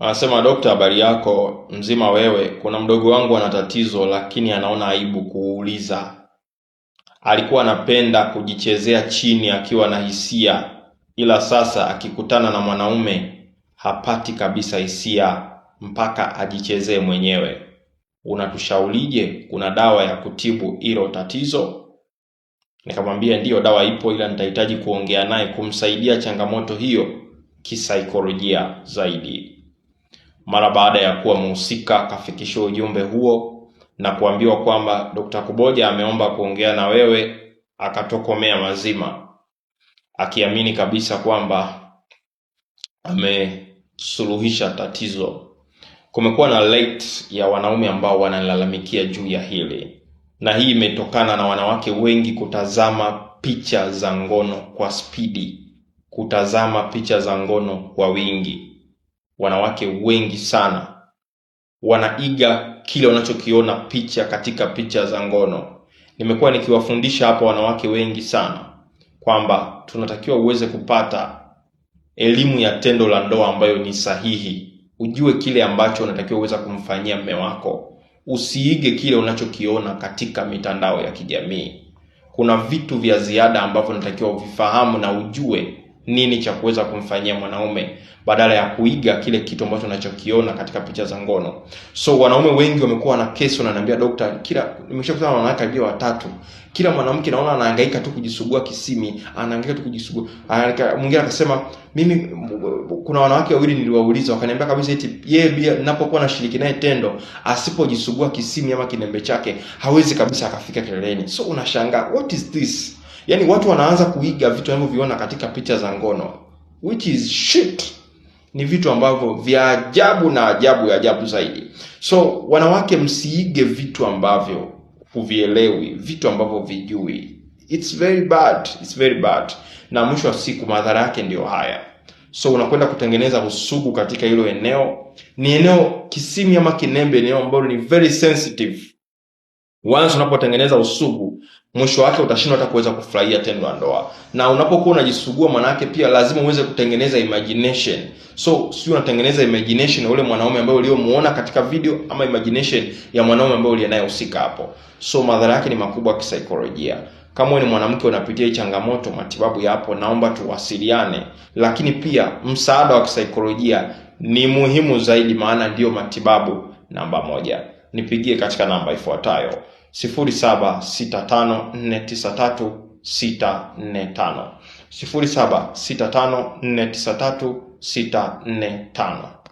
Anasema, dokta, habari yako? Mzima wewe? Kuna mdogo wangu ana tatizo, lakini anaona aibu kuuliza. Alikuwa anapenda kujichezea chini akiwa na hisia, ila sasa akikutana na mwanaume hapati kabisa hisia mpaka ajichezee mwenyewe. unatushaulije Kuna dawa ya kutibu hilo tatizo? Nikamwambia ndiyo, dawa ipo, ila nitahitaji kuongea naye kumsaidia changamoto hiyo kisaikolojia zaidi mara baada ya kuwa mhusika akafikishwa ujumbe huo na kuambiwa kwamba Dr. Kuboja ameomba kuongea na wewe, akatokomea mazima, akiamini kabisa kwamba amesuluhisha tatizo. Kumekuwa na light ya wanaume ambao wanalalamikia juu ya hili, na hii imetokana na wanawake wengi kutazama picha za ngono kwa spidi, kutazama picha za ngono kwa wingi wanawake wengi sana wanaiga kile wanachokiona picha katika picha za ngono. Nimekuwa nikiwafundisha hapa wanawake wengi sana kwamba tunatakiwa uweze kupata elimu ya tendo la ndoa ambayo ni sahihi, ujue kile ambacho unatakiwa uweza kumfanyia mme wako, usiige kile unachokiona katika mitandao ya kijamii. Kuna vitu vya ziada ambavyo unatakiwa uvifahamu na ujue nini cha kuweza kumfanyia mwanaume badala ya kuiga kile kitu ambacho unachokiona katika picha za ngono. So wanaume wengi wamekuwa na kesi, wananiambia dokta, kila nimeshakutana na wanawake karibia watatu, kila mwanamke naona anahangaika tu kujisugua kisimi, anahangaika tu kujisugua. Mwingine akasema mimi, kuna wanawake wawili niliwauliza, wakaniambia kabisa eti yeye pia ninapokuwa nashiriki naye tendo, asipojisugua kisimi ama kinembe chake hawezi kabisa akafika kileleni. So unashangaa, what is this? Yaani watu wanaanza kuiga vitu wanavyoviona katika picha za ngono which is shit. Ni vitu ambavyo vya ajabu na ajabu ya ajabu zaidi. So wanawake, msiige vitu ambavyo huvielewi, vitu ambavyo vijui. It's very bad, it's very bad. Na mwisho wa siku madhara yake ndiyo haya. So unakwenda kutengeneza usugu katika hilo eneo. Ni eneo Kisimi ama Kinembe, eneo ambalo ni very sensitive. Once unapotengeneza usugu mwisho wake utashindwa hata kuweza kufurahia tendo la ndoa. Na unapokuwa unajisugua, manake pia lazima uweze kutengeneza imagination. So sio unatengeneza imagination ya ule mwanaume ambaye uliomuona katika video ama imagination ya mwanaume ambaye uliyenayehusika hapo. So madhara yake ni makubwa kisaikolojia. Kama wewe ni mwanamke unapitia changamoto, matibabu yapo, naomba tuwasiliane. Lakini pia msaada wa kisaikolojia ni muhimu zaidi, maana ndiyo matibabu namba moja. Nipigie katika namba ifuatayo 0765493645 0765493645.